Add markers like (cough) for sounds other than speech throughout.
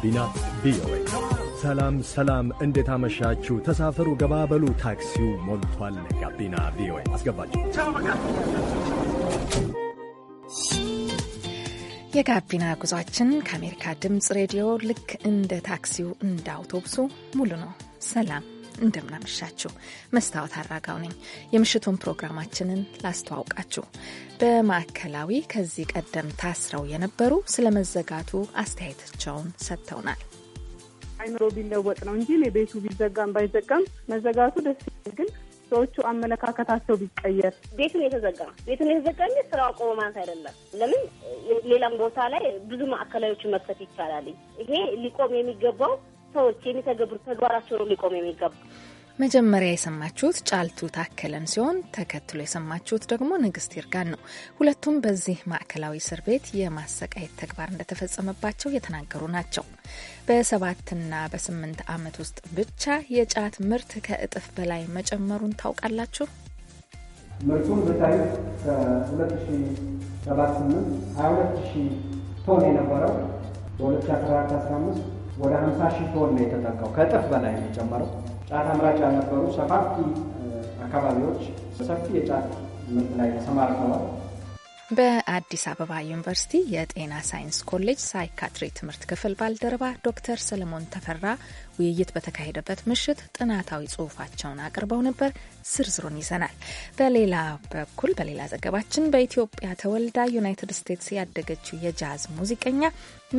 ጋቢና ቪኦኤ። ሰላም ሰላም፣ እንዴት አመሻችሁ? ተሳፈሩ፣ ገባበሉ፣ ታክሲው ሞልቷል። ጋቢና ቪኦኤ አስገባችሁ። የጋቢና ጉዟችን ከአሜሪካ ድምፅ ሬዲዮ ልክ እንደ ታክሲው እንደ አውቶቡሱ ሙሉ ነው። ሰላም እንደምናመሻችሁ መስታወት አራጋው ነኝ። የምሽቱን ፕሮግራማችንን ላስተዋውቃችሁ። በማዕከላዊ ከዚህ ቀደም ታስረው የነበሩ ስለ መዘጋቱ አስተያየታቸውን ሰጥተውናል። አይምሮ ቢለወጥ ነው እንጂ ቤቱ ቢዘጋም ባይዘጋም መዘጋቱ ደስ ይላል ግን ሰዎቹ አመለካከታቸው ቢቀየር ቤቱን የተዘጋ ቤቱን የተዘጋ እንጂ ስራው ቆሞ ማለት አይደለም። ለምን ሌላም ቦታ ላይ ብዙ ማዕከላዊዎችን መክፈት ይቻላል። ይሄ ሊቆም የሚገባው ሰዎች የሚተገብሩት ተግባራቸው ነው ሊቆም የሚገባ። መጀመሪያ የሰማችሁት ጫልቱ ታከለን ሲሆን ተከትሎ የሰማችሁት ደግሞ ንግስት ይርጋን ነው። ሁለቱም በዚህ ማዕከላዊ እስር ቤት የማሰቃየት ተግባር እንደተፈጸመባቸው የተናገሩ ናቸው። በሰባትና በስምንት ዓመት ውስጥ ብቻ የጫት ምርት ከእጥፍ በላይ መጨመሩን ታውቃላችሁ። ምርቱን ብታዩት ከ2078 22 ሺህ ቶን የነበረው በ2014 15 ወደ 50 ሺህ ቶን ነው የተጠቀው ከእጥፍ በላይ ነው የጨመረው። ጫት አምራች ያልነበሩ ሰፋፊ አካባቢዎች ሰፊ የጫት ምርት ላይ ተሰማርተዋል። በአዲስ አበባ ዩኒቨርሲቲ የጤና ሳይንስ ኮሌጅ ሳይካትሪ ትምህርት ክፍል ባልደረባ ዶክተር ሰለሞን ተፈራ ውይይት በተካሄደበት ምሽት ጥናታዊ ጽሁፋቸውን አቅርበው ነበር። ዝርዝሩን ይዘናል። በሌላ በኩል በሌላ ዘገባችን በኢትዮጵያ ተወልዳ ዩናይትድ ስቴትስ ያደገችው የጃዝ ሙዚቀኛ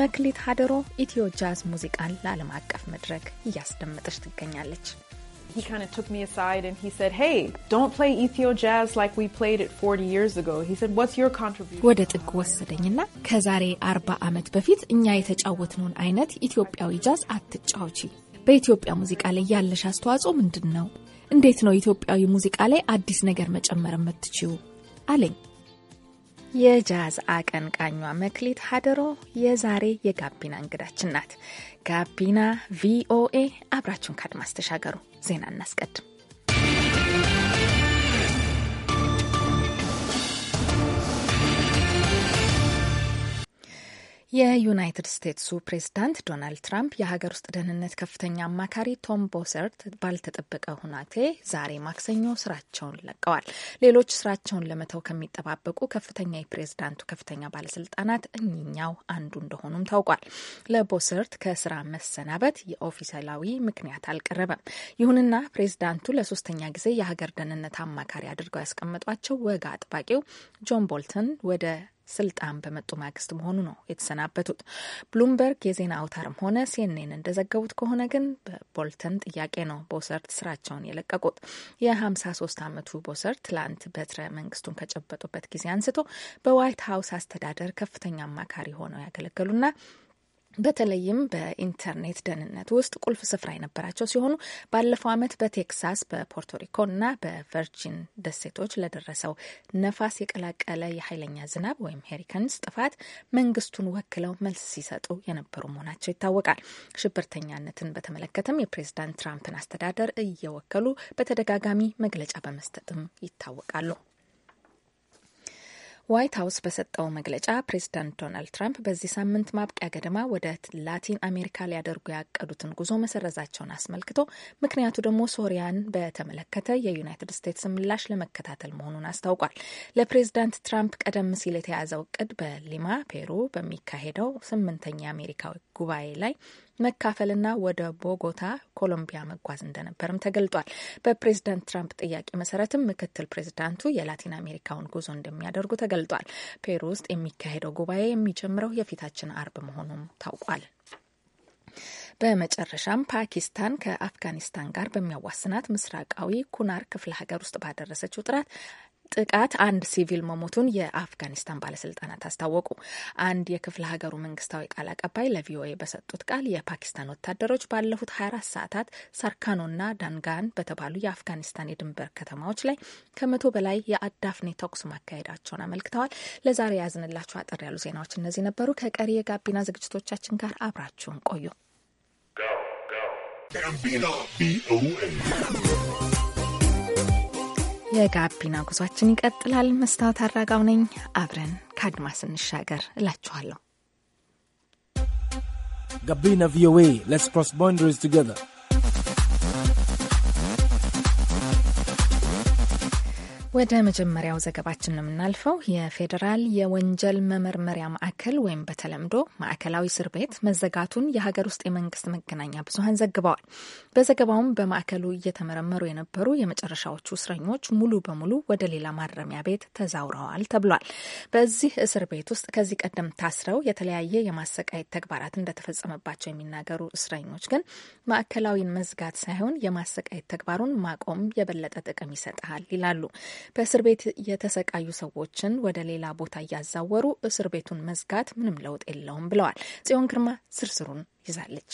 መክሊት ሀደሮ ኢትዮ ጃዝ ሙዚቃን ለዓለም አቀፍ መድረክ እያስደመጠች ትገኛለች። he kind of took me aside and he said, "Hey, don't play Ethio jazz like we played it 40 years ago." He said, "What's your contribution?" ወደ ጥግ ወሰደኝና ከዛሬ 40 ዓመት በፊት እኛ የተጫወትነውን አይነት ኢትዮጵያዊ ጃዝ አትጫወቺ። በኢትዮጵያ ሙዚቃ ላይ ያለሽ አስተዋጽኦ ምንድን ነው? እንዴት ነው ኢትዮጵያዊ ሙዚቃ ላይ አዲስ ነገር መጨመር የምትችው? አለኝ። የጃዝ አቀንቃኟ መክሊት ሀደሮ የዛሬ የጋቢና እንግዳችን ናት። ጋቢና ቪኦኤ አብራችሁን ካድማስ ተሻገሩ። ዜና እናስቀድም። የዩናይትድ ስቴትሱ ፕሬዝዳንት ዶናልድ ትራምፕ የሀገር ውስጥ ደህንነት ከፍተኛ አማካሪ ቶም ቦሰርት ባልተጠበቀ ሁናቴ ዛሬ ማክሰኞ ስራቸውን ለቀዋል። ሌሎች ስራቸውን ለመተው ከሚጠባበቁ ከፍተኛ የፕሬዝዳንቱ ከፍተኛ ባለስልጣናት እኚኛው አንዱ እንደሆኑም ታውቋል። ለቦሰርት ከስራ መሰናበት የኦፊሴላዊ ምክንያት አልቀረበም። ይሁንና ፕሬዝዳንቱ ለሶስተኛ ጊዜ የሀገር ደህንነት አማካሪ አድርገው ያስቀመጧቸው ወግ አጥባቂው ጆን ቦልተን ወደ ስልጣን በመጡ ማግስት መሆኑ ነው የተሰናበቱት። ብሉምበርግ የዜና አውታርም ሆነ ሲኤንኤን እንደዘገቡት ከሆነ ግን በቦልተን ጥያቄ ነው ቦሰርት ስራቸውን የለቀቁት። የ53 ዓመቱ ቦሰርት ትላንት በትረ መንግስቱን ከጨበጡበት ጊዜ አንስቶ በዋይት ሀውስ አስተዳደር ከፍተኛ አማካሪ ሆነው ያገለገሉና በተለይም በኢንተርኔት ደህንነት ውስጥ ቁልፍ ስፍራ የነበራቸው ሲሆኑ ባለፈው ዓመት በቴክሳስ በፖርቶሪኮ እና በቨርጂን ደሴቶች ለደረሰው ነፋስ የቀላቀለ የኃይለኛ ዝናብ ወይም ሄሪከንስ ጥፋት መንግስቱን ወክለው መልስ ሲሰጡ የነበሩ መሆናቸው ይታወቃል። ሽብርተኛነትን በተመለከተም የፕሬዚዳንት ትራምፕን አስተዳደር እየወከሉ በተደጋጋሚ መግለጫ በመስጠትም ይታወቃሉ። ዋይት ሀውስ በሰጠው መግለጫ ፕሬዚዳንት ዶናልድ ትራምፕ በዚህ ሳምንት ማብቂያ ገደማ ወደ ላቲን አሜሪካ ሊያደርጉ ያቀዱትን ጉዞ መሰረዛቸውን አስመልክቶ ምክንያቱ ደግሞ ሶሪያን በተመለከተ የዩናይትድ ስቴትስ ምላሽ ለመከታተል መሆኑን አስታውቋል። ለፕሬዚዳንት ትራምፕ ቀደም ሲል የተያዘው እቅድ በሊማ ፔሩ በሚካሄደው ስምንተኛ አሜሪካዊ ጉባኤ ላይ መካፈልና ወደ ቦጎታ ኮሎምቢያ መጓዝ እንደነበርም ተገልጧል። በፕሬዚዳንት ትራምፕ ጥያቄ መሰረትም ምክትል ፕሬዚዳንቱ የላቲን አሜሪካውን ጉዞ እንደሚያደርጉ ተገልጧል። ፔሩ ውስጥ የሚካሄደው ጉባኤ የሚጀምረው የፊታችን አርብ መሆኑም ታውቋል። በመጨረሻም ፓኪስታን ከአፍጋኒስታን ጋር በሚያዋስናት ምስራቃዊ ኩናር ክፍለ ሀገር ውስጥ ባደረሰችው ጥራት ጥቃት አንድ ሲቪል መሞቱን የአፍጋኒስታን ባለስልጣናት አስታወቁ። አንድ የክፍለ ሀገሩ መንግስታዊ ቃል አቀባይ ለቪኦኤ በሰጡት ቃል የፓኪስታን ወታደሮች ባለፉት 24 ሰዓታት ሳርካኖና ዳንጋን በተባሉ የአፍጋኒስታን የድንበር ከተማዎች ላይ ከመቶ በላይ የአዳፍኔ ተኩስ ማካሄዳቸውን አመልክተዋል። ለዛሬ ያዝንላቸው አጠር ያሉ ዜናዎች እነዚህ ነበሩ። ከቀሪ የጋቢና ዝግጅቶቻችን ጋር አብራችሁን ቆዩ። የጋቢና ጉዟችን ይቀጥላል። መስታወት አራጋው ነኝ። አብረን ከአድማስ እንሻገር እላችኋለሁ። ጋቢና ቪኦኤ ሌትስ ክሮስ ባውንደሪስ ቱጌዘር ወደ መጀመሪያው ዘገባችን የምናልፈው የፌዴራል የወንጀል መመርመሪያ ማዕከል ወይም በተለምዶ ማዕከላዊ እስር ቤት መዘጋቱን የሀገር ውስጥ የመንግስት መገናኛ ብዙኃን ዘግበዋል። በዘገባውም በማዕከሉ እየተመረመሩ የነበሩ የመጨረሻዎቹ እስረኞች ሙሉ በሙሉ ወደ ሌላ ማረሚያ ቤት ተዛውረዋል ተብሏል። በዚህ እስር ቤት ውስጥ ከዚህ ቀደም ታስረው የተለያየ የማሰቃየት ተግባራት እንደተፈጸመባቸው የሚናገሩ እስረኞች ግን ማዕከላዊን መዝጋት ሳይሆን የማሰቃየት ተግባሩን ማቆም የበለጠ ጥቅም ይሰጣል ይላሉ። በእስር ቤት የተሰቃዩ ሰዎችን ወደ ሌላ ቦታ እያዛወሩ እስር ቤቱን መዝጋት ምንም ለውጥ የለውም ብለዋል። ጽዮን ግርማ ዝርዝሩን ይዛለች።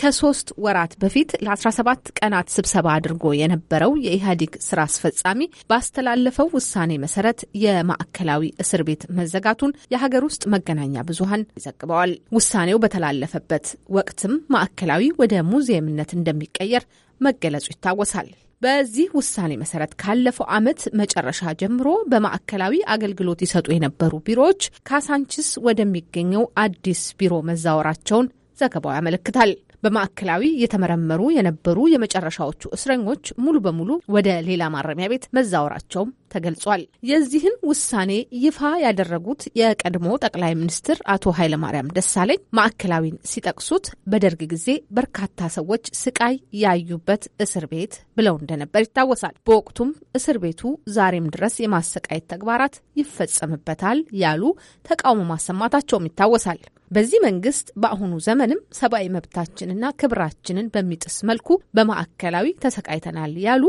ከሶስት ወራት በፊት ለ17 ቀናት ስብሰባ አድርጎ የነበረው የኢህአዴግ ስራ አስፈጻሚ ባስተላለፈው ውሳኔ መሰረት የማዕከላዊ እስር ቤት መዘጋቱን የሀገር ውስጥ መገናኛ ብዙሀን ይዘግበዋል። ውሳኔው በተላለፈበት ወቅትም ማዕከላዊ ወደ ሙዚየምነት እንደሚቀየር መገለጹ ይታወሳል። በዚህ ውሳኔ መሰረት ካለፈው ዓመት መጨረሻ ጀምሮ በማዕከላዊ አገልግሎት ይሰጡ የነበሩ ቢሮዎች ካሳንችስ ወደሚገኘው አዲስ ቢሮ መዛወራቸውን ዘገባው ያመለክታል። በማዕከላዊ የተመረመሩ የነበሩ የመጨረሻዎቹ እስረኞች ሙሉ በሙሉ ወደ ሌላ ማረሚያ ቤት መዛወራቸውም ተገልጿል። የዚህን ውሳኔ ይፋ ያደረጉት የቀድሞ ጠቅላይ ሚኒስትር አቶ ኃይለማርያም ደሳለኝ ማዕከላዊን ሲጠቅሱት በደርግ ጊዜ በርካታ ሰዎች ስቃይ ያዩበት እስር ቤት ብለው እንደነበር ይታወሳል። በወቅቱም እስር ቤቱ ዛሬም ድረስ የማሰቃየት ተግባራት ይፈጸምበታል ያሉ ተቃውሞ ማሰማታቸውም ይታወሳል። በዚህ መንግስት በአሁኑ ዘመንም ሰብአዊ መብታችንና ክብራችንን በሚጥስ መልኩ በማዕከላዊ ተሰቃይተናል ያሉ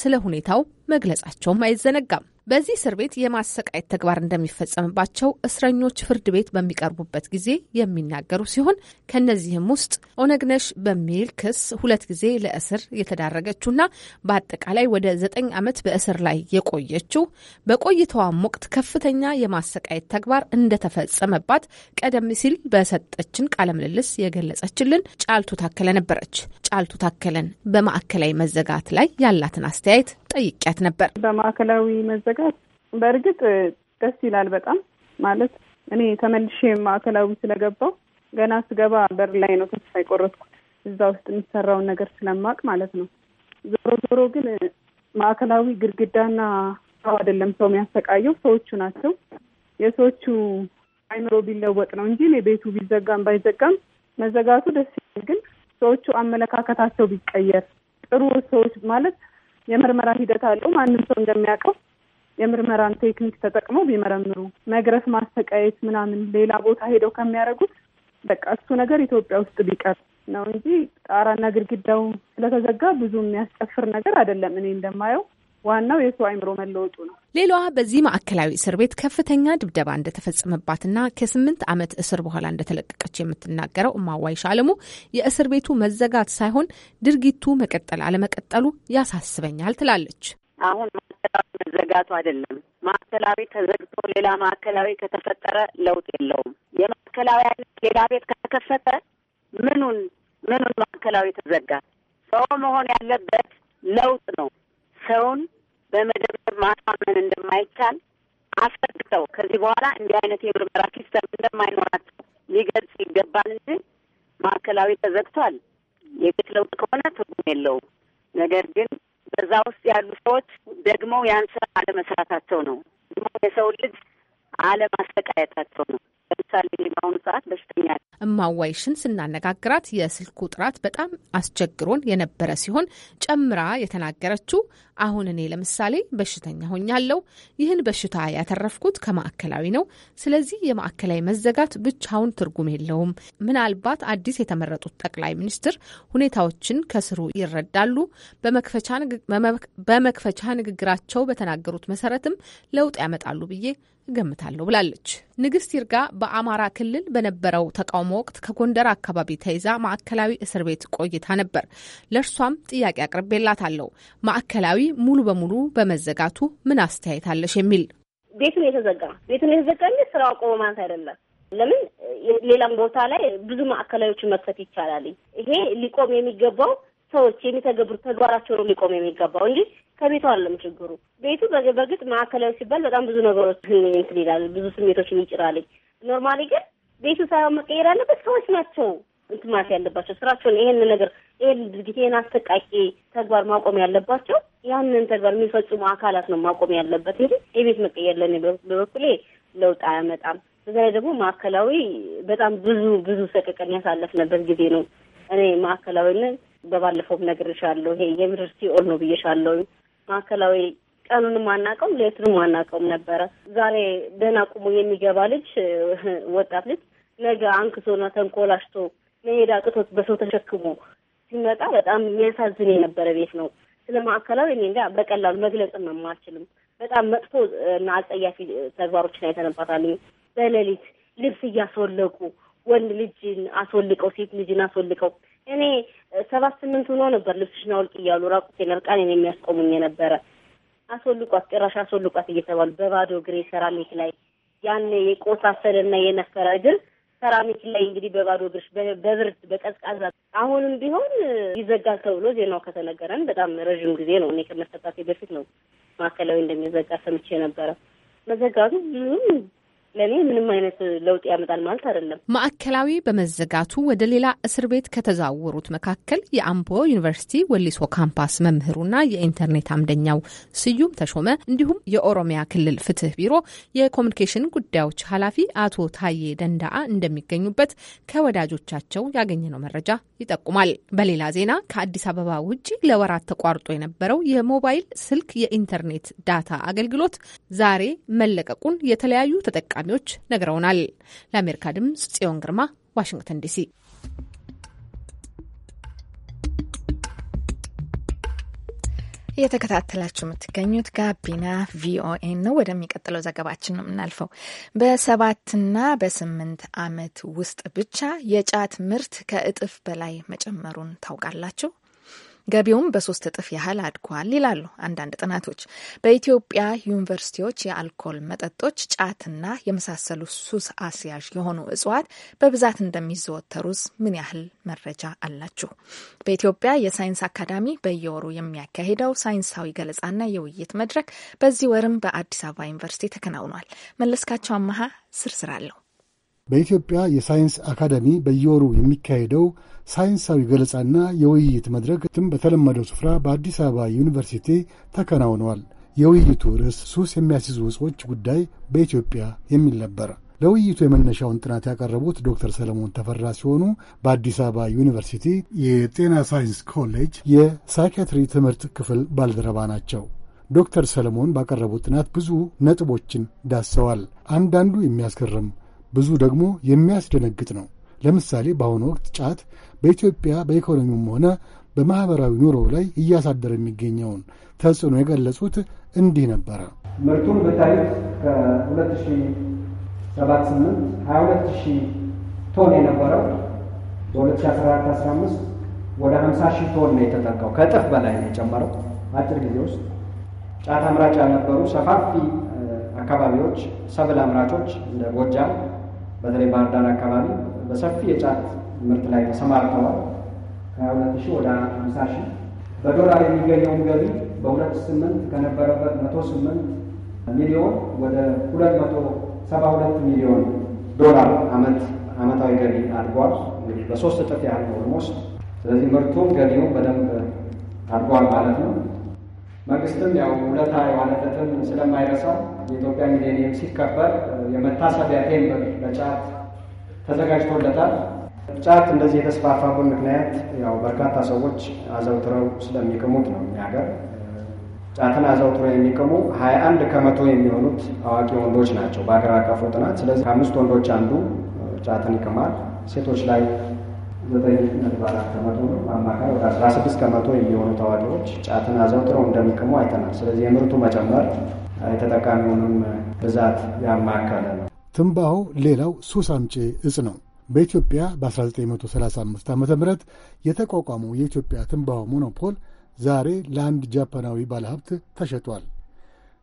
ስለ ሁኔታው መግለጻቸውም አይዘነጋም። በዚህ እስር ቤት የማሰቃየት ተግባር እንደሚፈጸምባቸው እስረኞች ፍርድ ቤት በሚቀርቡበት ጊዜ የሚናገሩ ሲሆን ከእነዚህም ውስጥ ኦነግነሽ በሚል ክስ ሁለት ጊዜ ለእስር የተዳረገችውና በአጠቃላይ ወደ ዘጠኝ ዓመት በእስር ላይ የቆየችው በቆይታዋም ወቅት ከፍተኛ የማሰቃየት ተግባር እንደተፈጸመባት ቀደም ሲል በሰጠችን ቃለምልልስ የገለጸችልን ጫልቱ ታከለ ነበረች። ጫልቱ ታከለን በማዕከላዊ መዘጋት ላይ ያላትን አስተያየት ጠይቂያት ነበር። በማዕከላዊ መዘጋት በእርግጥ ደስ ይላል በጣም ማለት እኔ ተመልሼ ማዕከላዊ ስለገባው ገና ስገባ በር ላይ ነው ተስፋ የቆረጥኩት እዛ ውስጥ የሚሰራውን ነገር ስለማቅ ማለት ነው። ዞሮ ዞሮ ግን ማዕከላዊ ግድግዳና ሰው አይደለም ሰው የሚያሰቃየው ሰዎቹ ናቸው። የሰዎቹ አይምሮ ቢለወጥ ነው እንጂ ቤቱ ቢዘጋም ባይዘጋም መዘጋቱ ደስ ይላል። ግን ሰዎቹ አመለካከታቸው ቢቀየር ጥሩ ሰዎች ማለት የምርመራ ሂደት አለው። ማንም ሰው እንደሚያውቀው የምርመራን ቴክኒክ ተጠቅሞ ቢመረምሩ መግረፍ፣ ማሰቃየት ምናምን ሌላ ቦታ ሄደው ከሚያደርጉት በቃ እሱ ነገር ኢትዮጵያ ውስጥ ቢቀር ነው እንጂ ጣራና ግድግዳው ስለተዘጋ ብዙ የሚያስጨፍር ነገር አይደለም እኔ እንደማየው። ዋናው የሰው አይምሮ መለወጡ ነው። ሌላዋ በዚህ ማዕከላዊ እስር ቤት ከፍተኛ ድብደባ እንደተፈጸመባትና ከስምንት ዓመት እስር በኋላ እንደተለቀቀች የምትናገረው እማዋይሻ አለሙ የእስር ቤቱ መዘጋት ሳይሆን ድርጊቱ መቀጠል አለመቀጠሉ ያሳስበኛል ትላለች። አሁን ማዕከላዊ መዘጋቱ አይደለም። ማዕከላዊ ተዘግቶ ሌላ ማዕከላዊ ከተፈጠረ ለውጥ የለውም። የማዕከላዊ አይነት ሌላ ቤት ከተከፈተ ምኑን ምኑን ማዕከላዊ ተዘጋ? ሰው መሆን ያለበት ለውጥ ነው። ሰውን በመደብደብ ማሳመን እንደማይቻል አስረድተው ከዚህ በኋላ እንዲህ አይነት የምርመራ ሲስተም እንደማይኖራቸው ሊገልጽ ይገባል እንጂ ማዕከላዊ ተዘግቷል፣ የቤት ለውጥ ከሆነ ትርጉም የለውም። ነገር ግን በዛ ውስጥ ያሉ ሰዎች ደግመው ያን ስራ አለመስራታቸው ነው። ደግሞ የሰው ልጅ አለማሰቃየታቸው ነው። ለምሳሌ በአሁኑ ሰዓት በሽተኛ እማዋይሽን ስናነጋግራት የስልኩ ጥራት በጣም አስቸግሮን የነበረ ሲሆን ጨምራ የተናገረችው አሁን እኔ ለምሳሌ በሽተኛ ሆኛለሁ። ይህን በሽታ ያተረፍኩት ከማዕከላዊ ነው። ስለዚህ የማዕከላዊ መዘጋት ብቻውን ትርጉም የለውም። ምናልባት አዲስ የተመረጡት ጠቅላይ ሚኒስትር ሁኔታዎችን ከስሩ ይረዳሉ። በመክፈቻ ንግግራቸው በተናገሩት መሰረትም ለውጥ ያመጣሉ ብዬ እገምታለሁ ብላለች። ንግስት ይርጋ በአማራ ክልል በነበረው ተቃውሞ ወቅት ከጎንደር አካባቢ ተይዛ ማዕከላዊ እስር ቤት ቆይታ ነበር። ለእርሷም ጥያቄ አቅርቤላታለሁ። ማዕከላዊ ሙሉ በሙሉ በመዘጋቱ ምን አስተያየት አለሽ? የሚል ቤቱን የተዘጋ ቤቱን የተዘጋ እንጂ ስራ አቆመ ማለት አይደለም። ለምን ሌላም ቦታ ላይ ብዙ ማዕከላዊዎችን መክፈት ይቻላል። ይሄ ሊቆም የሚገባው ሰዎች የሚተገብሩ ተግባራቸው ነው ሊቆም የሚገባው እንጂ ከቤቱ አለም ችግሩ። ቤቱ በግጥ ማዕከላዊ ሲባል በጣም ብዙ ነገሮች (laughs) እንትን ይላል፣ ብዙ ስሜቶችን ይጭራልኝ። ኖርማሊ ግን ቤቱ ሳይሆን መቀየር ያለበት ሰዎች ናቸው እንትን ማለት ያለባቸው ስራቸውን፣ ይሄን ነገር፣ ይሄን ድርጊት፣ ይሄን አስተቃቂ ተግባር ማቆም ያለባቸው ያንን ተግባር የሚፈጽሙ አካላት ነው ማቆም ያለበት እንጂ የቤት መቀየር ለእኔ በበኩሌ ለውጥ አያመጣም። በዛ ላይ ደግሞ ማዕከላዊ በጣም ብዙ ብዙ ሰቀቀን ያሳለፍንበት ጊዜ ነው። እኔ ማዕከላዊነት በባለፈውም ነግሬሻለሁ። ይሄ የምድር ሲኦል ነው ብዬሻለሁ። ማዕከላዊ ቀኑንም አናውቀውም ሌቱንም አናውቀውም ነበረ። ዛሬ ደህና ቁሙ የሚገባ ልጅ ወጣት ልጅ ነገ አንክሶና ተንኮላሽቶ መሄድ አቅቶት በሰው ተሸክሞ ሲመጣ በጣም የሚያሳዝን የነበረ ቤት ነው። ስለ ማዕከላዊ እኔ እንጃ በቀላሉ መግለጽም አልችልም። በጣም መጥፎ እና አጸያፊ ተግባሮችን አይተነባታል። በሌሊት ልብስ እያስወለቁ ወንድ ልጅን አስወልቀው ሴት ልጅን አስወልቀው እኔ ሰባት ስምንት ሆኖ ነበር ልብስሽን አውልቅ እያሉ ራቁቴን እርቃኔን የሚያስቆሙኝ የነበረ። አስወልቋት ጭራሽ አስወልቋት እየተባሉ በባዶ እግሬ ሰራሚክ ላይ ያን የቆሳሰለና የነፈረ እግር ሰራሚክ ላይ እንግዲህ በባዶ እግርሽ በብርድ በቀዝቃዛ አሁንም ቢሆን ይዘጋል ተብሎ ዜናው ከተነገረን በጣም ረዥም ጊዜ ነው። እኔ ከመሰጣቴ በፊት ነው ማዕከላዊ እንደሚዘጋ ሰምቼ ነበረ። መዘጋቱ ብዙም ለእኔ ምንም አይነት ለውጥ ያመጣል ማለት አይደለም። ማዕከላዊ በመዘጋቱ ወደ ሌላ እስር ቤት ከተዛወሩት መካከል የአምቦ ዩኒቨርሲቲ ወሊሶ ካምፓስ መምህሩና የኢንተርኔት አምደኛው ስዩም ተሾመ እንዲሁም የኦሮሚያ ክልል ፍትህ ቢሮ የኮሚኒኬሽን ጉዳዮች ኃላፊ አቶ ታዬ ደንዳአ እንደሚገኙበት ከወዳጆቻቸው ያገኘነው መረጃ ይጠቁማል። በሌላ ዜና ከአዲስ አበባ ውጭ ለወራት ተቋርጦ የነበረው የሞባይል ስልክ የኢንተርኔት ዳታ አገልግሎት ዛሬ መለቀቁን የተለያዩ ተጠቃሚ ተሸላሚዎች ነግረውናል። ለአሜሪካ ድምጽ ጽዮን ግርማ፣ ዋሽንግተን ዲሲ። እየተከታተላችሁ የምትገኙት ጋቢና ቪኦኤ ነው። ወደሚቀጥለው ዘገባችን ነው የምናልፈው። በሰባትና በስምንት ዓመት ውስጥ ብቻ የጫት ምርት ከእጥፍ በላይ መጨመሩን ታውቃላችሁ? ገቢውም በሶስት እጥፍ ያህል አድጓል ይላሉ አንዳንድ ጥናቶች። በኢትዮጵያ ዩኒቨርሲቲዎች የአልኮል መጠጦች፣ ጫትና የመሳሰሉ ሱስ አስያዥ የሆኑ እጽዋት በብዛት እንደሚዘወተሩስ ምን ያህል መረጃ አላችሁ? በኢትዮጵያ የሳይንስ አካዳሚ በየወሩ የሚያካሂደው ሳይንሳዊ ገለጻና የውይይት መድረክ በዚህ ወርም በአዲስ አበባ ዩኒቨርሲቲ ተከናውኗል። መለስካቸው አመሀ ዝርዝር አለው። በኢትዮጵያ የሳይንስ አካደሚ በየወሩ የሚካሄደው ሳይንሳዊ ገለጻና የውይይት መድረክም በተለመደው ስፍራ በአዲስ አበባ ዩኒቨርሲቲ ተከናውነዋል። የውይይቱ ርዕስ ሱስ የሚያስይዙ ዕጾች ጉዳይ በኢትዮጵያ የሚል ነበር። ለውይይቱ የመነሻውን ጥናት ያቀረቡት ዶክተር ሰለሞን ተፈራ ሲሆኑ በአዲስ አበባ ዩኒቨርሲቲ የጤና ሳይንስ ኮሌጅ የሳይኪያትሪ ትምህርት ክፍል ባልደረባ ናቸው። ዶክተር ሰለሞን ባቀረቡት ጥናት ብዙ ነጥቦችን ዳሰዋል። አንዳንዱ የሚያስገርም ብዙ ደግሞ የሚያስደነግጥ ነው። ለምሳሌ በአሁኑ ወቅት ጫት በኢትዮጵያ በኢኮኖሚውም ሆነ በማኅበራዊ ኑሮ ላይ እያሳደረ የሚገኘውን ተጽዕኖ የገለጹት እንዲህ ነበረ። ምርቱን ብታዩት ከ2078 22 ቶን የነበረው በ2014/15 ወደ 50 ሺህ ቶን ነው የተጠጋው። ከእጥፍ በላይ ነው የጨመረው አጭር ጊዜ ውስጥ። ጫት አምራች ያልነበሩ ሰፋፊ አካባቢዎች ሰብል አምራቾች እንደ ጎጃም በተለይ ባህር ዳር አካባቢ በሰፊ የጫት ምርት ላይ ተሰማርተዋል። ከሁለት ሺህ ወደ ሀምሳ ሺህ በዶላር የሚገኘውን ገቢ በሁለት ስምንት ከነበረበት መቶ ስምንት ሚሊዮን ወደ ሁለት መቶ ሰባ ሁለት ሚሊዮን ዶላር አመት አመታዊ ገቢ አድጓል። እንግዲህ በሶስት እጥፍ ያህል ኦልሞስት። ስለዚህ ምርቱም ገቢውም በደንብ አድጓል ማለት ነው። መንግስትም ያው ውለታ የዋለለትን ስለማይረሳው የኢትዮጵያ ሚሌኒየም ሲከበር የመታሰቢያ ቴምብር በጫት ተዘጋጅቶለታል። ጫት እንደዚህ የተስፋፋበት ምክንያት ያው በርካታ ሰዎች አዘውትረው ስለሚቅሙት ነው። እኛ ሀገር ጫትን አዘውትረው የሚቅሙ ሀያ አንድ ከመቶ የሚሆኑት አዋቂ ወንዶች ናቸው በሀገር አቀፉ ጥናት። ስለዚህ ከአምስት ወንዶች አንዱ ጫትን ይቅማል። ሴቶች ላይ ዘጠኝ ከመቶ በአማካይ ወደ አስራ ስድስት ከመቶ የሚሆኑ ተዋጊዎች ጫትን አዘውትረው እንደሚቅሙ አይተናል። ስለዚህ የምርቱ መጨመር የተጠቃሚውንም ብዛት ያማከለ ነው። ትንባሆ ሌላው ሱስ አምጪ እጽ ነው። በኢትዮጵያ በ1935 ዓ ም የተቋቋመው የኢትዮጵያ ትንባሆ ሞኖፖል ዛሬ ለአንድ ጃፓናዊ ባለሀብት ተሸጧል።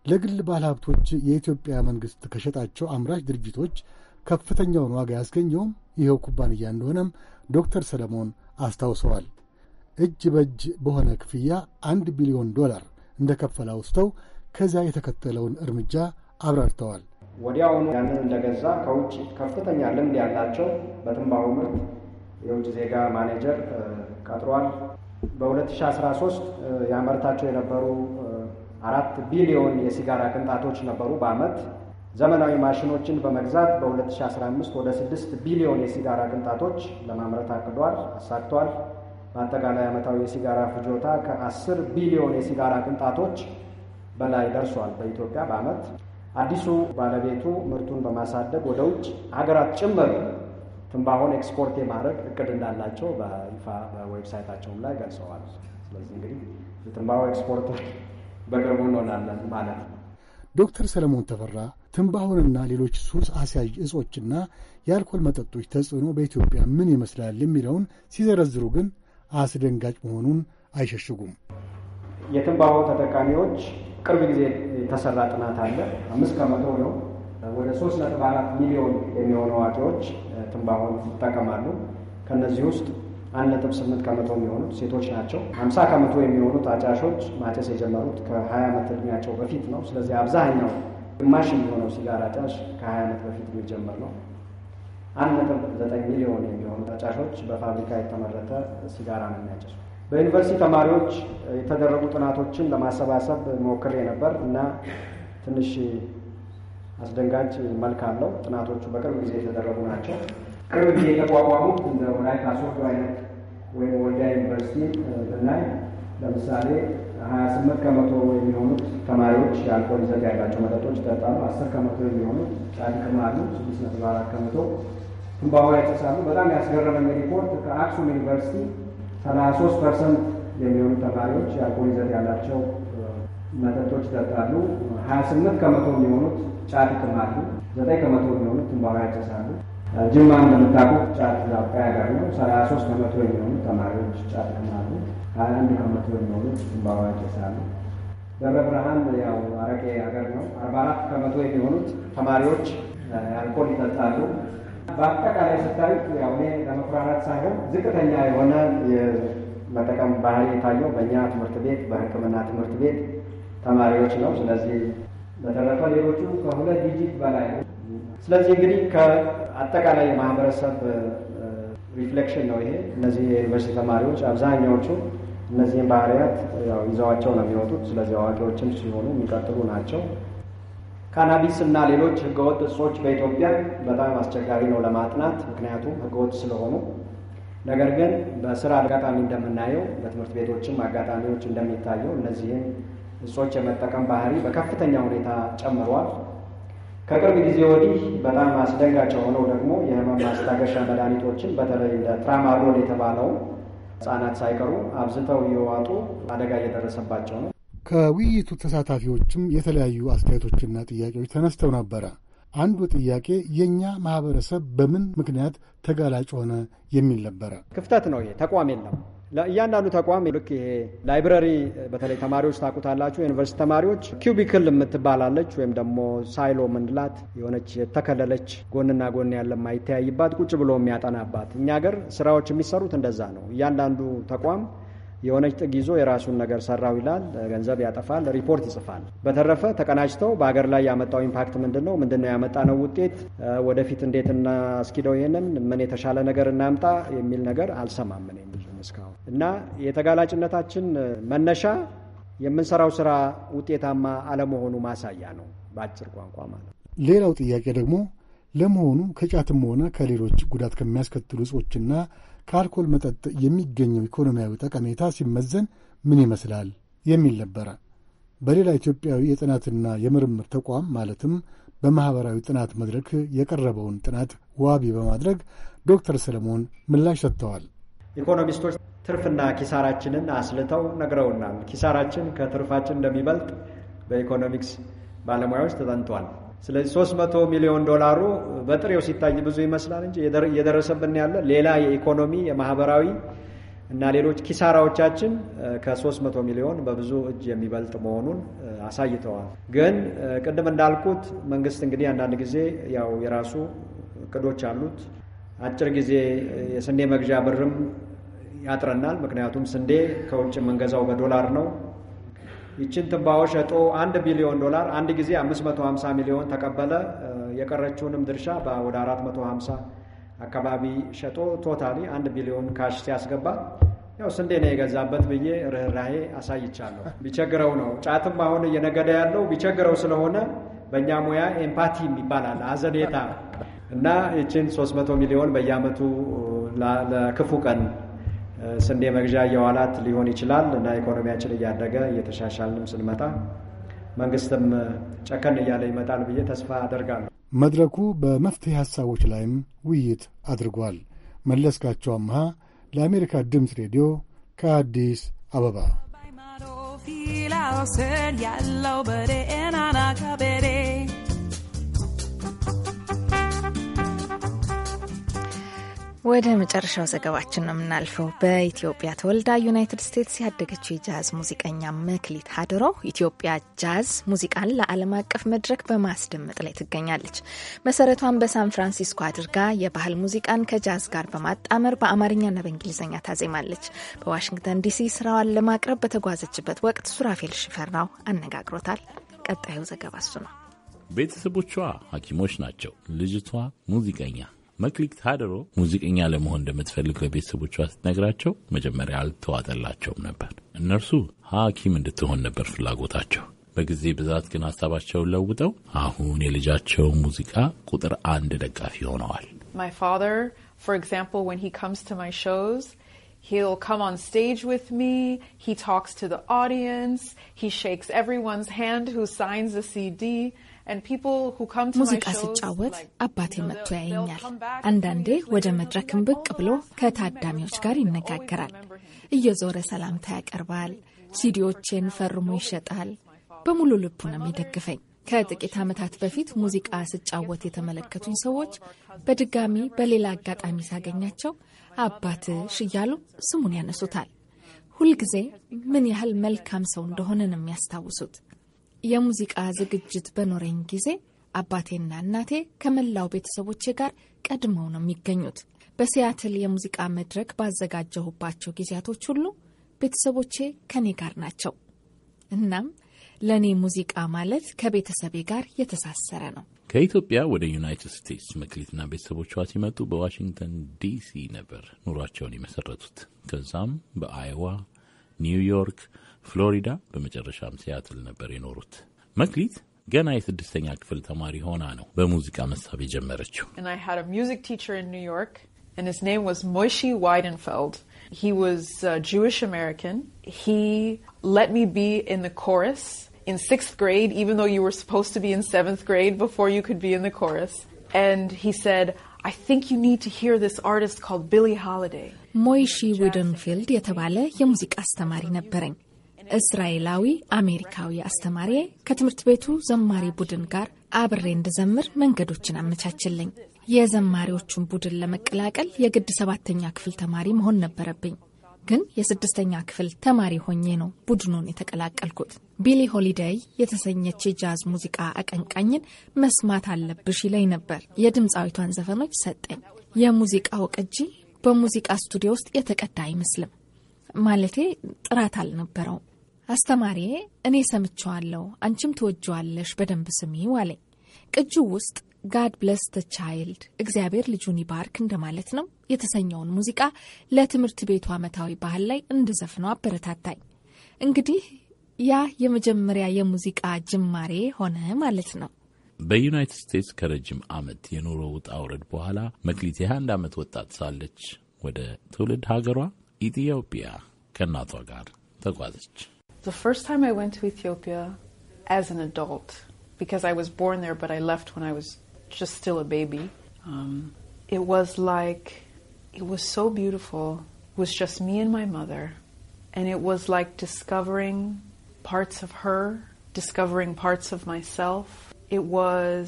ለግል ባለሀብቶች የኢትዮጵያ መንግሥት ከሸጣቸው አምራች ድርጅቶች ከፍተኛውን ዋጋ ያስገኘውም ይኸው ኩባንያ እንደሆነም ዶክተር ሰለሞን አስታውሰዋል። እጅ በእጅ በሆነ ክፍያ አንድ ቢሊዮን ዶላር እንደከፈለ አውስተው ከዚያ የተከተለውን እርምጃ አብራርተዋል። ወዲያውኑ ያንን እንደገዛ ከውጭ ከፍተኛ ልምድ ያላቸው በትንባሁ ምርት የውጭ ዜጋ ማኔጀር ቀጥሯል። በ2013 ያመርታቸው የነበሩ አራት ቢሊዮን የሲጋራ ቅንጣቶች ነበሩ በዓመት ዘመናዊ ማሽኖችን በመግዛት በ2015 ወደ 6 ቢሊዮን የሲጋራ ቅንጣቶች ለማምረት አቅዷል አሳክቷል። በአጠቃላይ ዓመታዊ የሲጋራ ፍጆታ ከ10 ቢሊዮን የሲጋራ ቅንጣቶች በላይ ደርሷል። በኢትዮጵያ በዓመት አዲሱ ባለቤቱ ምርቱን በማሳደግ ወደ ውጭ ሀገራት ጭምር ትንባሆን ኤክስፖርት የማድረግ እቅድ እንዳላቸው በይፋ በዌብሳይታቸውም ላይ ገልጸዋል። ስለዚህ እንግዲህ የትንባሆ ኤክስፖርት በቅርቡ እንሆናለን ማለት ነው። ዶክተር ሰለሞን ተፈራ ትንባሆንና ሌሎች ሱስ አስያዥ እጾችና የአልኮል መጠጦች ተጽዕኖ በኢትዮጵያ ምን ይመስላል የሚለውን ሲዘረዝሩ ግን አስደንጋጭ መሆኑን አይሸሽጉም። የትንባሆ ተጠቃሚዎች ቅርብ ጊዜ የተሰራ ጥናት አለ። አምስት ከመቶ ነው። ወደ ሶስት ነጥብ አራት ሚሊዮን የሚሆኑ አዋቂዎች ትንባሆን ይጠቀማሉ። ከእነዚህ ውስጥ አንድ ነጥብ ስምንት ከመቶ የሚሆኑት ሴቶች ናቸው። ሀምሳ ከመቶ የሚሆኑት አጫሾች ማጨስ የጀመሩት ከሀያ ዓመት እድሜያቸው በፊት ነው። ስለዚህ አብዛኛው ግማሽ የሚሆነው ሲጋራ አጫሽ ከሀያ ዓመት በፊት የሚጀምር ነው። አንድ ነጥብ ዘጠኝ ሚሊዮን የሚሆኑ አጫሾች በፋብሪካ የተመረተ ሲጋራ ነው የሚያጨሱ። በዩኒቨርሲቲ ተማሪዎች የተደረጉ ጥናቶችን ለማሰባሰብ ሞክሬ ነበር እና ትንሽ አስደንጋጭ መልክ አለው። ጥናቶቹ በቅርብ ጊዜ የተደረጉ ናቸው። ቅርብ ጊዜ የተቋቋሙት እንደ ወላይታ ሶዶ አይነት ወይም ወልዲያ ዩኒቨርሲቲ uh, ብናይ ለምሳሌ ሀያ ስምንት ከመቶ የሚሆኑት ተማሪዎች የአልኮል ይዘት ያላቸው መጠጦች ይጠጣሉ። አስር ከመቶ የሚሆኑት ጫት ይቅማሉ። ስድስት ነጥብ አራት ከመቶ ትንባሆ ያጨሳሉ። በጣም ያስገረመኝ ሪፖርት ከአክሱም ዩኒቨርሲቲ ሰላሳ ሶስት ፐርሰንት የሚሆኑ ተማሪዎች የአልኮል ይዘት ያላቸው uh, መጠጦች ይጠጣሉ። ሀያ ስምንት ከመቶ የሚሆኑት ጫት ይቅማሉ። ዘጠኝ ከመቶ የሚሆኑት ትንባሆ ያጨሳሉ። ጅማ እንደምታውቁት ጫት አባያ ጋር ነው። ሰላሳ ሶስት ከመቶ የሚሆኑ ተማሪዎች ጫት ይቅማሉ። ሀያ አንድ ከመቶ የሚሆኑት ትምባዋ ይጨሳሉ። ደብረ ብርሃን ያው አረቄ ሀገር ነው። አርባ አራት ከመቶ የሚሆኑት ተማሪዎች አልኮል ይጠጣሉ። በአጠቃላይ ስታዩት ያው እኔ ለመኩራራት ሳይሆን ዝቅተኛ የሆነ መጠቀም ባህል የታየው በእኛ ትምህርት ቤት በሕክምና ትምህርት ቤት ተማሪዎች ነው። ስለዚህ በተረፈ ሌሎቹ ከሁለት ዲጂት በላይ ስለዚህ እንግዲህ ከአጠቃላይ የማህበረሰብ ሪፍሌክሽን ነው ይሄ። እነዚህ የዩኒቨርሲቲ ተማሪዎች አብዛኛዎቹ እነዚህን ባህሪያት ይዘዋቸው ነው የሚወጡት። ስለዚህ አዋቂዎችም ሲሆኑ የሚቀጥሉ ናቸው። ካናቢስ እና ሌሎች ህገወጥ እጾች በኢትዮጵያ በጣም አስቸጋሪ ነው ለማጥናት ምክንያቱም ህገወጥ ስለሆኑ። ነገር ግን በስራ አጋጣሚ እንደምናየው በትምህርት ቤቶችም አጋጣሚዎች እንደሚታየው እነዚህን እጾች የመጠቀም ባህሪ በከፍተኛ ሁኔታ ጨምሯል። ከቅርብ ጊዜ ወዲህ በጣም አስደንጋጭ የሆነው ደግሞ የህመም ማስታገሻ መድኃኒቶችን በተለይ እንደ ትራማዶል የተባለው ህጻናት ሳይቀሩ አብዝተው እየዋጡ አደጋ እየደረሰባቸው ነው። ከውይይቱ ተሳታፊዎችም የተለያዩ አስተያየቶችና ጥያቄዎች ተነስተው ነበረ። አንዱ ጥያቄ የእኛ ማህበረሰብ በምን ምክንያት ተጋላጭ ሆነ የሚል ነበረ። ክፍተት ነው። ተቋም የለም። ለእያንዳንዱ ተቋም ልክ ይሄ ላይብረሪ በተለይ ተማሪዎች ታቁታላችሁ። ዩኒቨርሲቲ ተማሪዎች ኪዩቢክል የምትባላለች ወይም ደግሞ ሳይሎ ምንላት የሆነች የተከለለች ጎንና ጎን ያለ የማይተያይባት ቁጭ ብሎ የሚያጠናባት። እኛ ሀገር ስራዎች የሚሰሩት እንደዛ ነው። እያንዳንዱ ተቋም የሆነች ጥግ ይዞ የራሱን ነገር ሰራው ይላል፣ ገንዘብ ያጠፋል፣ ሪፖርት ይጽፋል። በተረፈ ተቀናጅተው በሀገር ላይ ያመጣው ኢምፓክት ምንድን ነው? ምንድን ነው ያመጣነው ውጤት? ወደፊት እንዴት እናስኪደው? ይህንን ምን የተሻለ ነገር እናምጣ የሚል ነገር አልሰማም እኔም ብዙም እስካሁን እና የተጋላጭነታችን መነሻ የምንሰራው ስራ ውጤታማ አለመሆኑ ማሳያ ነው፣ በአጭር ቋንቋ ማለት። ሌላው ጥያቄ ደግሞ ለመሆኑ ከጫትም ሆነ ከሌሎች ጉዳት ከሚያስከትሉ እጾችና ከአልኮል መጠጥ የሚገኘው ኢኮኖሚያዊ ጠቀሜታ ሲመዘን ምን ይመስላል የሚል ነበረ። በሌላ ኢትዮጵያዊ የጥናትና የምርምር ተቋም ማለትም በማኅበራዊ ጥናት መድረክ የቀረበውን ጥናት ዋቢ በማድረግ ዶክተር ሰለሞን ምላሽ ሰጥተዋል። ኢኮኖሚስቶች ትርፍና ኪሳራችንን አስልተው ነግረውናል። ኪሳራችን ከትርፋችን እንደሚበልጥ በኢኮኖሚክስ ባለሙያዎች ተጠንቷል። ስለዚህ 300 ሚሊዮን ዶላሩ በጥሬው ሲታይ ብዙ ይመስላል እንጂ እየደረሰብን ያለ ሌላ የኢኮኖሚ የማህበራዊ እና ሌሎች ኪሳራዎቻችን ከ300 ሚሊዮን በብዙ እጅ የሚበልጥ መሆኑን አሳይተዋል። ግን ቅድም እንዳልኩት መንግስት እንግዲህ አንዳንድ ጊዜ ያው የራሱ እቅዶች አሉት አጭር ጊዜ የስንዴ መግዣ ብርም ያጥረናል። ምክንያቱም ስንዴ ከውጭ የምንገዛው በዶላር ነው። ይችን ትንባሆ ሸጦ አንድ ቢሊዮን ዶላር አንድ ጊዜ 550 ሚሊዮን ተቀበለ። የቀረችውንም ድርሻ ወደ 450 አካባቢ ሸጦ ቶታሊ አንድ ቢሊዮን ካሽ ሲያስገባ ያው ስንዴ ነው የገዛበት ብዬ ርኅራሄ አሳይቻለሁ። ቢቸግረው ነው ጫትም አሁን እየነገደ ያለው ቢቸግረው ስለሆነ በእኛ ሙያ ኤምፓቲ ይባላል አዘኔታ እና ይችን 300 ሚሊዮን በየአመቱ ለክፉ ቀን ስንዴ መግዣ እየዋላት ሊሆን ይችላል እና ኢኮኖሚያችን እያደገ እየተሻሻልንም ስንመጣ መንግስትም ጨከን እያለ ይመጣል ብዬ ተስፋ አደርጋለሁ። መድረኩ በመፍትሄ ሀሳቦች ላይም ውይይት አድርጓል። መለስካቸው አምሃ ለአሜሪካ ድምፅ ሬዲዮ ከአዲስ አበባ ወደ መጨረሻው ዘገባችን ነው የምናልፈው። በኢትዮጵያ ተወልዳ ዩናይትድ ስቴትስ ያደገችው የጃዝ ሙዚቀኛ መክሊት ሀድሮ ኢትዮጵያ ጃዝ ሙዚቃን ለዓለም አቀፍ መድረክ በማስደመጥ ላይ ትገኛለች። መሰረቷን በሳን ፍራንሲስኮ አድርጋ የባህል ሙዚቃን ከጃዝ ጋር በማጣመር በአማርኛና በእንግሊዝኛ ታዜማለች። በዋሽንግተን ዲሲ ስራዋን ለማቅረብ በተጓዘችበት ወቅት ሱራፌል ሽፈራው አነጋግሮታል። ቀጣዩ ዘገባ እሱ ነው። ቤተሰቦቿ ሐኪሞች ናቸው። ልጅቷ ሙዚቀኛ መክሊክ ታደሮ ሙዚቀኛ ለመሆን እንደምትፈልግ ለቤተሰቦቿ ስትነግራቸው መጀመሪያ አልተዋጠላቸውም ነበር። እነርሱ ሐኪም እንድትሆን ነበር ፍላጎታቸው። በጊዜ ብዛት ግን ሀሳባቸውን ለውጠው አሁን የልጃቸው ሙዚቃ ቁጥር አንድ ደጋፊ ሆነዋል። He'll come on stage with me. He talks to the audience. He shakes everyone's hand who signs the CD. ሙዚቃ ስጫወት አባቴ መጥቶ ያየኛል። አንዳንዴ ወደ መድረክም ብቅ ብሎ ከታዳሚዎች ጋር ይነጋገራል። እየዞረ ሰላምታ ያቀርባል። ሲዲዎቼን ፈርሞ ይሸጣል። በሙሉ ልቡ ነው የሚደግፈኝ። ከጥቂት ዓመታት በፊት ሙዚቃ ስጫወት የተመለከቱኝ ሰዎች በድጋሚ በሌላ አጋጣሚ ሳገኛቸው አባትሽ እያሉ ስሙን ያነሱታል። ሁልጊዜ ምን ያህል መልካም ሰው እንደሆነ ነው የሚያስታውሱት። የሙዚቃ ዝግጅት በኖረኝ ጊዜ አባቴና እናቴ ከመላው ቤተሰቦቼ ጋር ቀድመው ነው የሚገኙት። በሲያትል የሙዚቃ መድረክ ባዘጋጀሁባቸው ጊዜያቶች ሁሉ ቤተሰቦቼ ከኔ ጋር ናቸው። እናም ለእኔ ሙዚቃ ማለት ከቤተሰቤ ጋር የተሳሰረ ነው። ከኢትዮጵያ ወደ ዩናይትድ ስቴትስ መክሊትና ቤተሰቦቿ ሲመጡ በዋሽንግተን ዲሲ ነበር ኑሯቸውን የመሰረቱት። ከዛም በአይዋ ኒውዮርክ፣ ፍሎሪዳ፣ በመጨረሻም ሲያትል ነበር የኖሩት። መክሊት ገና የስድስተኛ ክፍል ተማሪ ሆና ነው በሙዚቃ መሳብ የጀመረችው። And his name was Moishe Weidenfeld. He was a uh, Jewish American. He let me be in the chorus in sixth grade, even though you were supposed to be in seventh grade before you could be in the chorus. And he said, I think you need to hear this artist called Billie Holiday. ሞይሺ ዊድንፊልድ የተባለ የሙዚቃ አስተማሪ ነበረኝ። እስራኤላዊ አሜሪካዊ አስተማሪ ከትምህርት ቤቱ ዘማሪ ቡድን ጋር አብሬ እንድዘምር መንገዶችን አመቻችልኝ። የዘማሪዎቹን ቡድን ለመቀላቀል የግድ ሰባተኛ ክፍል ተማሪ መሆን ነበረብኝ። ግን የስድስተኛ ክፍል ተማሪ ሆኜ ነው ቡድኑን የተቀላቀልኩት። ቢሊ ሆሊደይ የተሰኘች የጃዝ ሙዚቃ አቀንቃኝን መስማት አለብሽ ይለኝ ነበር። የድምፃዊቷን ዘፈኖች ሰጠኝ። የሙዚቃው ቅጂ በሙዚቃ ስቱዲዮ ውስጥ የተቀዳ አይመስልም፣ ማለቴ ጥራት አልነበረውም። አስተማሪዬ እኔ ሰምቼዋለሁ፣ አንቺም ትወጅዋለሽ በደንብ ስሚው አለኝ። ቅጂው ውስጥ ጋድ ብለስ ተ ቻይልድ እግዚአብሔር ልጁን ይባርክ እንደማለት ነው የተሰኘውን ሙዚቃ ለትምህርት ቤቱ ዓመታዊ ባህል ላይ እንድዘፍነው አበረታታኝ። እንግዲህ ያ የመጀመሪያ የሙዚቃ ጅማሬ ሆነ ማለት ነው። በዩናይትድ ስቴትስ ከረጅም ዓመት የኑሮ ውጣ ውረድ በኋላ መክሊት የአንድ ዓመት ወጣት ሳለች ወደ ትውልድ ሀገሯ ኢትዮጵያ ከእናቷ ጋር ተጓዘች። The first time I went to Ethiopia as an adult, because I was born there but I left when I was just still a baby. Um, it was like, it was so beautiful. It was just me and my mother. And it was like discovering parts of her, discovering parts of myself. It was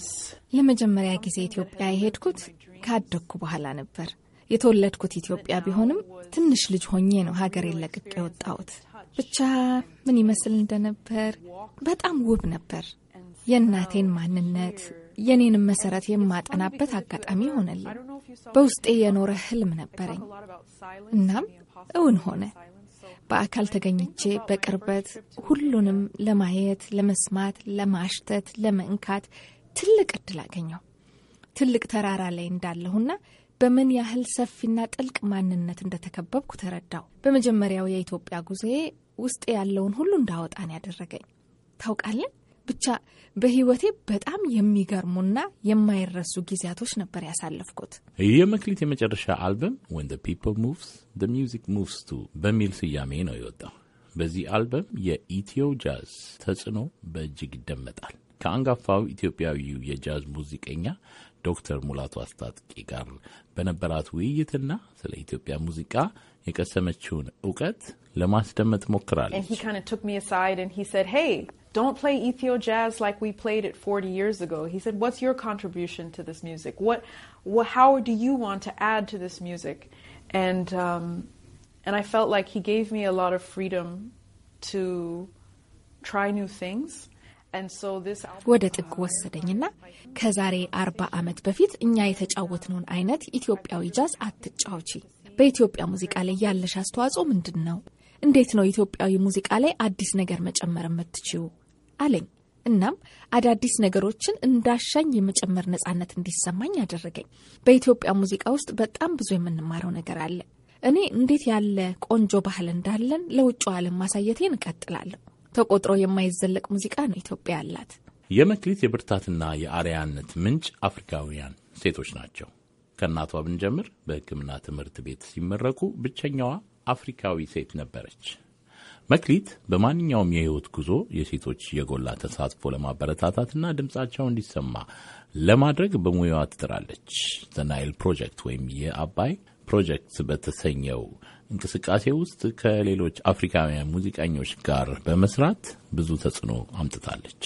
ለመጀመሪያ ጊዜ ኢትዮጵያ የሄድኩት ካደግኩ በኋላ ነበር። የተወለድኩት ኢትዮጵያ ቢሆንም ትንሽ ልጅ ሆኜ ነው ሀገሬን ለቅቄ የወጣሁት። ብቻ ምን ይመስል እንደነበር በጣም ውብ ነበር። የእናቴን ማንነት የኔንም መሰረት የማጠናበት አጋጣሚ ሆነልኝ። በውስጤ የኖረ ህልም ነበረኝ፣ እናም እውን ሆነ። በአካል ተገኝቼ በቅርበት ሁሉንም ለማየት፣ ለመስማት፣ ለማሽተት፣ ለመንካት ትልቅ እድል አገኘው። ትልቅ ተራራ ላይ እንዳለሁና በምን ያህል ሰፊና ጥልቅ ማንነት እንደተከበብኩ ተረዳው። በመጀመሪያው የኢትዮጵያ ጉዞዬ ውስጥ ያለውን ሁሉ እንዳወጣን ያደረገኝ ታውቃለን ብቻ በህይወቴ በጣም የሚገርሙና የማይረሱ ጊዜያቶች ነበር ያሳለፍኩት። የመክሊት የመጨረሻ አልበም ወን ዘ ፒፕል ሙቭስ ዘ ሚውዚክ ሙቭስ ቱ በሚል ስያሜ ነው የወጣው። በዚህ አልበም የኢትዮ ጃዝ ተጽዕኖ በእጅግ ይደመጣል። ከአንጋፋው ኢትዮጵያዊው የጃዝ ሙዚቀኛ ዶክተር ሙላቱ አስታጥቄ ጋር በነበራት ውይይትና ስለ ኢትዮጵያ ሙዚቃ የቀሰመችውን እውቀት ለማስደመጥ ሞክራለች። don't play Ethio jazz like we played it 40 years ago. He said, What's your contribution to this music? What, how do you want to add to this music? And, um, and I felt like he gave me a lot of freedom to try new things. ወደ ጥግ ወሰደኝና ከዛሬ አርባ ዓመት በፊት እኛ የተጫወትነውን አይነት ኢትዮጵያዊ ጃዝ አትጫወቺ በኢትዮጵያ ሙዚቃ ላይ ያለሽ አስተዋጽኦ ምንድን ነው? እንዴት ነው ኢትዮጵያዊ ሙዚቃ ላይ አዲስ ነገር መጨመር የምትችው? አለኝ። እናም አዳዲስ ነገሮችን እንዳሻኝ የመጨመር ነጻነት እንዲሰማኝ አደረገኝ። በኢትዮጵያ ሙዚቃ ውስጥ በጣም ብዙ የምንማረው ነገር አለ። እኔ እንዴት ያለ ቆንጆ ባህል እንዳለን ለውጭ ዓለም ማሳየቴን እቀጥላለሁ። ተቆጥሮ የማይዘለቅ ሙዚቃ ነው ኢትዮጵያ ያላት። የመክሊት የብርታትና የአርያነት ምንጭ አፍሪካውያን ሴቶች ናቸው። ከእናቷ ብንጀምር በሕክምና ትምህርት ቤት ሲመረቁ ብቸኛዋ አፍሪካዊ ሴት ነበረች። መክሊት በማንኛውም የህይወት ጉዞ የሴቶች የጎላ ተሳትፎ ለማበረታታትና ድምፃቸው እንዲሰማ ለማድረግ በሙያዋ ትጥራለች። ዘናይል ፕሮጀክት ወይም የአባይ ፕሮጀክት በተሰኘው እንቅስቃሴ ውስጥ ከሌሎች አፍሪካውያን ሙዚቀኞች ጋር በመስራት ብዙ ተጽዕኖ አምጥታለች።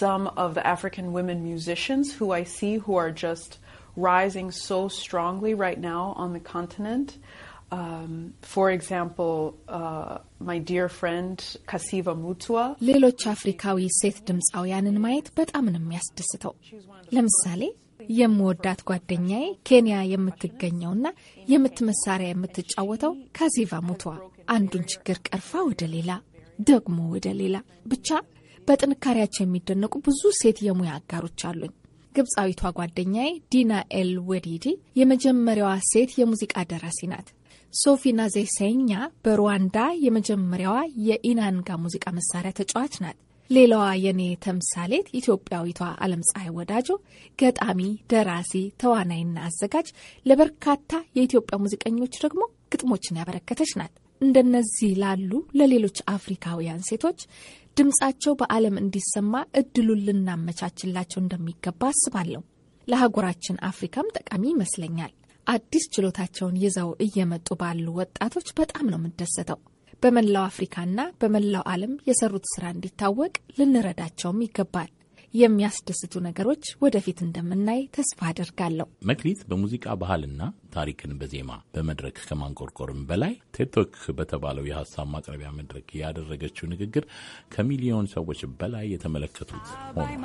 Some of the African women musicians who I see who are just rising so strongly right now on the continent. Um, for example, uh, my dear friend Kasiva Mutua. ሌሎች አፍሪካዊ ሴት ድምፃውያንን ማየት በጣም ነው የሚያስደስተው። ለምሳሌ የምወዳት ጓደኛዬ ኬንያ የምትገኘውና የምት መሳሪያ የምትጫወተው ካዚቫ ሙቱዋ አንዱን ችግር ቀርፋ ወደ ሌላ ደግሞ ወደ ሌላ ብቻ በጥንካሬያቸው የሚደነቁ ብዙ ሴት የሙያ አጋሮች አሉኝ። ግብፃዊቷ ጓደኛዬ ዲና ኤል ወዲዲ የመጀመሪያዋ ሴት የሙዚቃ ደራሲ ናት። ሶፊና ዜሴኛ በሩዋንዳ የመጀመሪያዋ የኢናንጋ ሙዚቃ መሳሪያ ተጫዋች ናት። ሌላዋ የኔ ተምሳሌት ኢትዮጵያዊቷ ዓለም ፀሐይ ወዳጆ ገጣሚ፣ ደራሲ፣ ተዋናይና አዘጋጅ፣ ለበርካታ የኢትዮጵያ ሙዚቀኞች ደግሞ ግጥሞችን ያበረከተች ናት። እንደነዚህ ላሉ ለሌሎች አፍሪካውያን ሴቶች ድምፃቸው በዓለም እንዲሰማ እድሉን ልናመቻችላቸው እንደሚገባ አስባለሁ። ለአህጉራችን አፍሪካም ጠቃሚ ይመስለኛል። አዲስ ችሎታቸውን ይዘው እየመጡ ባሉ ወጣቶች በጣም ነው የምደሰተው። በመላው አፍሪካና በመላው ዓለም የሰሩት ስራ እንዲታወቅ ልንረዳቸውም ይገባል። የሚያስደስቱ ነገሮች ወደፊት እንደምናይ ተስፋ አደርጋለሁ። መክሊት በሙዚቃ ባህልና ታሪክን በዜማ በመድረክ ከማንቆርቆርም በላይ ቴቶክ በተባለው የሀሳብ ማቅረቢያ መድረክ ያደረገችው ንግግር ከሚሊዮን ሰዎች በላይ የተመለከቱት ሆኗል።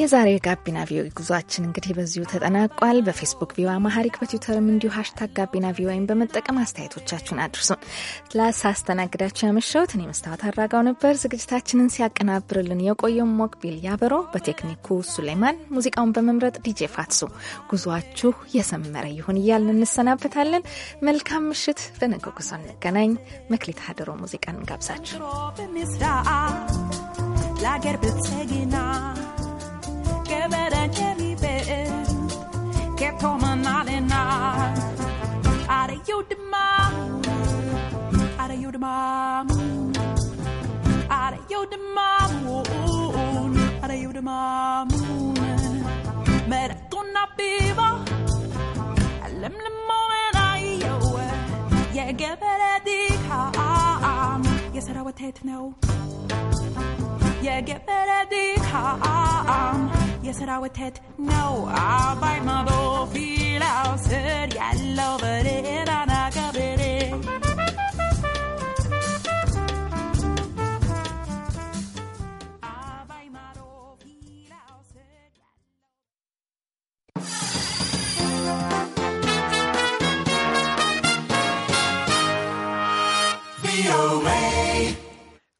የዛሬ ጋቢና ቪኦኤ ጉዟችን እንግዲህ በዚሁ ተጠናቋል። በፌስቡክ ቪኦ አማሃሪክ፣ በትዊተርም እንዲሁ ሀሽታግ ጋቢና ቪኦኤን በመጠቀም አስተያየቶቻችሁን አድርሱን። ላሳስተናግዳችሁ ያመሸሁት እኔ መስታወት አራጋው ነበር። ዝግጅታችንን ሲያቀናብርልን የቆየው ሞክቢል ያበሮ፣ በቴክኒኩ ሱሌማን፣ ሙዚቃውን በመምረጥ ዲጄ ፋትሱ። ጉዟችሁ የሰመረ ይሁን እያልን እንሰናበታለን። መልካም ምሽት። በነገው ጉዞ እንገናኝ። መክሊት ሀደሮ ሙዚቃን እንጋብዛችሁ። ላገር ብትሰግና Get better, dig hard. Yes, I know what it now. yeah, get better the calm. Yes, I would take no, I'll bite my bow feel I said yeah, love it, and I got it.